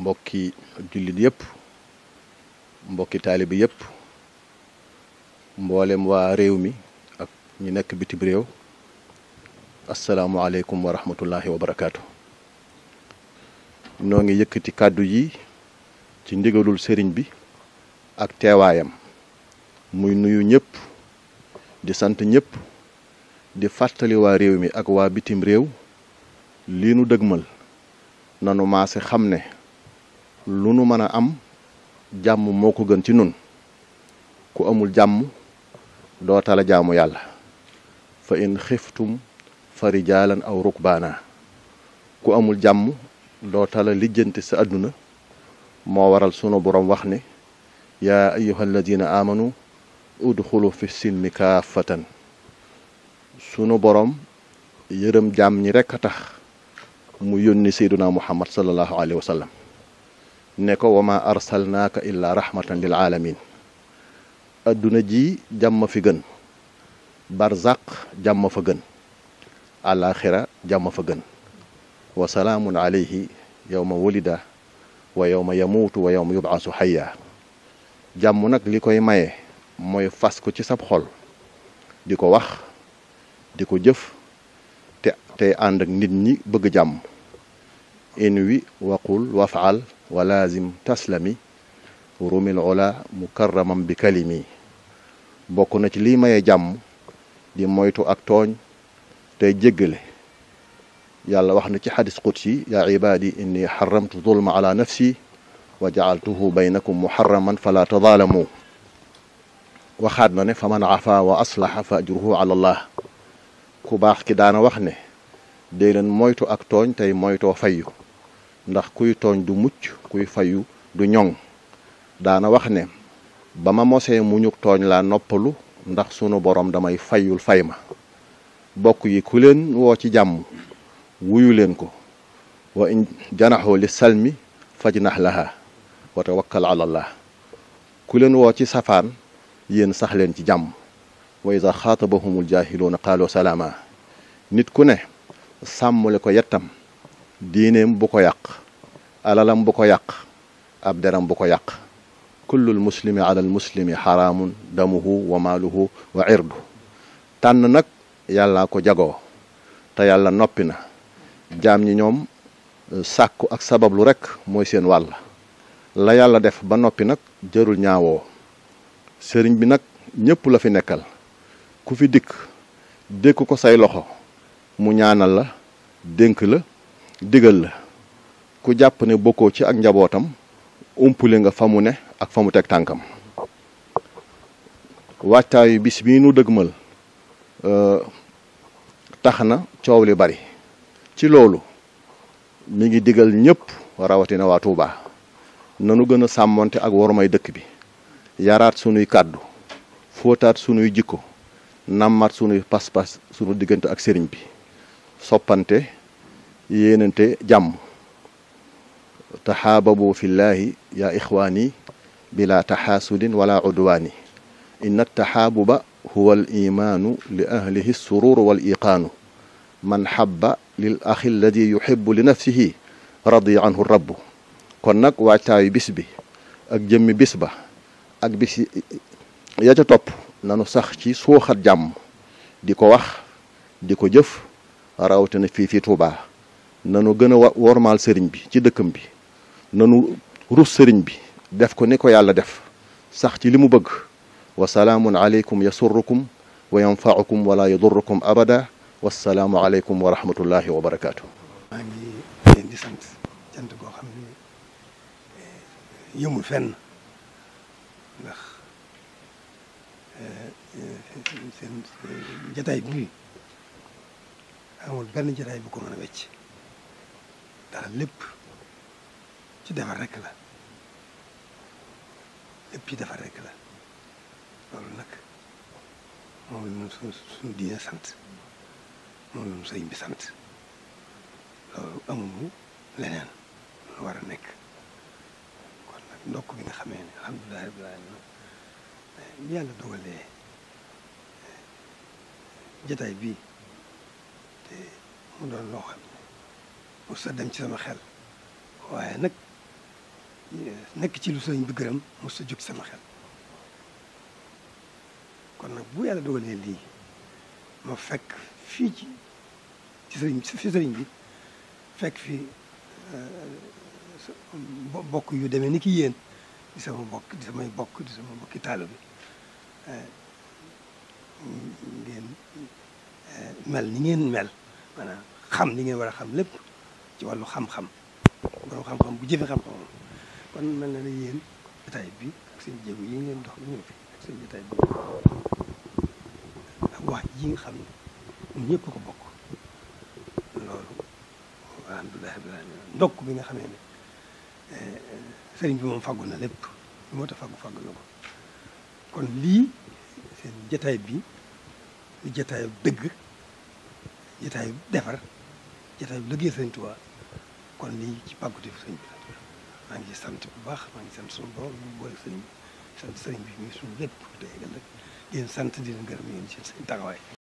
mbokki jullit yépp mbokki taalibi yépp mboolem waa réew mi ak ñi nekk bitim réew asalaamualeykum wa rahmatullahi wa barakaatu. noo ngi yëkkati kàddu yi ci ndigalul sëriñ bi ak teewaayam muy nuyu ñëpp di sant ñëpp di fàttali waa réew mi ak waa bitim réew lii nu dëgmal nanu maase xam ne. lu nu am jàmm moko gën ci nun ku amul jàmm doo tala jaamu yàlla fa in khiftum farijalan aw rukbana ku amul jàmm doo tala sa aduna mo waral sunu borom wax ne ya ayyuhal ladina amanu udkhulu fi silmi kaafatan sunu borom yërëm jàmm ñi rek tax mu yónni seyduna muhammad sallallahu alayhi wa sallam ne ko wa ma arsalnaaka illaa rahmatan lil aalamin adduna ji jàmm fi gën barzaq jàmm fa gën alaxira jàmm fa gën wa salaamun alayhi yowma wulida wa yowma yamuutu wa ma yubaasu xayya jàmm nag li koy maye mooy fas ko ci sab xol di ko wax di ko jëf te tey ànd ak nit ñi bëgg jàmm in wi waqul wafaal ولازم تسلمي ورومي العلا مكرما بكلمي بوكونا لي ما يجام دي مويتو اكتون تي جيغلي يالا واخنا تي حديث قدسي يا عبادي اني حرمت ظلم على نفسي وجعلته بينكم محرما فلا تظالموا وخادنا فمن عفا واصلح فاجره على الله كوباخ كي دانا واخني دي لن مويتو اك توغ تاي مويتو فايو ndax kuy tooñ du mucc kuy fayu du ñoŋ daana wax ne ba ma mosee muñuk tooñ laa noppalu ndax sunu borom damay fayul fay ma bokk yi ku leen woo ci jàmm wuyu leen ko wa in janaxoo li salmi fajnax laha wa tawakkal ala la ku leen woo ci safaan yéen sax leen ci jàmm wa iza xaatabahumul jaahiluuna qaalu salaama nit ku ne sàmmule ko yettam diineem bu ko yàq alalam bu ko yàq ab deram bu ko yàq kullul muslimi ala al muslimi xaraamun damuhu wa maaluhu wa irdu tànn nag yàllaa ko jagoo te yàlla noppi na jaam yi ñoom euh, sàkku ak sabablu rekk mooy seen wàll la yàlla def ba noppi nag jërul ñaawoo sëriñ bi nag ñépp la fi nekkal ku fi dikk dékk ko say loxo mu ñaanal la dénk la digal la ku jàpp ne bokkoo ci ak njabootam umpule nga fa mu ne ak fa mu teg tànkam waajtaayu bis bii nu dëgmal euh, tax na coow li bari ci loolu mu ngi digal ñépp rawatina waa Touba nanu gën a sàmmonte ak wormay dëkk bi yaraat sunuy kàddu fóotaat sunuy jikko nàmmaat sunuy pas-pas sunu diggante ak sëriñ bi soppante yéenante jàmm taxaababu fillahi yaa ixwaani bila taxaasudin wala udwaani inna taxaabuba huwa al imaanu li ahlihi surur wal iqaanu man xabba lil axi alladi yuxibu li nafsihi radi anhu rabbu kon nag waajtaayu bis bi ak jëmmi bis ba ak bis ya ca topp nanu sax ci suuxat jàmm di ko wax di ko jëf rawatina fii fii Tuubaa nanu gëna wormal wormaal sëriñ bi ci dëkkum bi nanu rus sëriñ bi def ko ne ko yàlla def sax ci limu bëgg wa salaamun alaykum yasurukum wa yanfaukum wa la yadurrukum abada wa salamu alaykum wa rahmatullahi wa barakatuh maa ngi di sant sant go xamni ne yëmul fenn ndax sen jataay bi amul benn jataay bu ko mëna wecc dara lépp ci defar rekk la lépp ci defar rekk la loolu nag moom la ñu suñu diine sant moom la ñu sëriñ bi sant loolu amuñu leneen lu war a nekk kon nag ndokk bi nga xamee ne alhamdulilah rabbil alamin bi yàlla dogalee jataay bii te mu doon loo xam ne mos a dem ci sama xel waaye nag nekk ci lu sëriñ bi gërëm mos a jóg sama xel kon nag bu yàlla dogalee lii ma fekk fii ci ci sëriñ fi sëriñ bi fekk fii bokk yu demee ni ki yéen di sama bokk di samay bokk di sama bokki taalu bi ngeen mel ni ngeen mel maanaam xam li ngeen war a xam lépp ci wàllu xam-xam borom xam-xam bu jëfe xam-xam kon mel na ne yéen jotaay bi ak seen jéego yi ngeen dox ñu fi ak seen jotaay bi ak wax ji nga xam ne ñëpp ko bokk loolu alhamdulilah rabbil alamin ndokk bi nga xamee ne sëriñ bi moom faggu na lépp lu moo tax faggu faggu na ko kon lii seen jataay bi jataayu dëgg jataayu defar jataayu liggéey sëriñ Tuubaa kon lii ci pàgguteef sëñ bi maa ngi sant bu baax maa ngi sant suñu bu ñu sëñ bi sant sëñ bi muy suñu lépp tey ëllëg sant di leen gërëm yéen ci seen taxawaay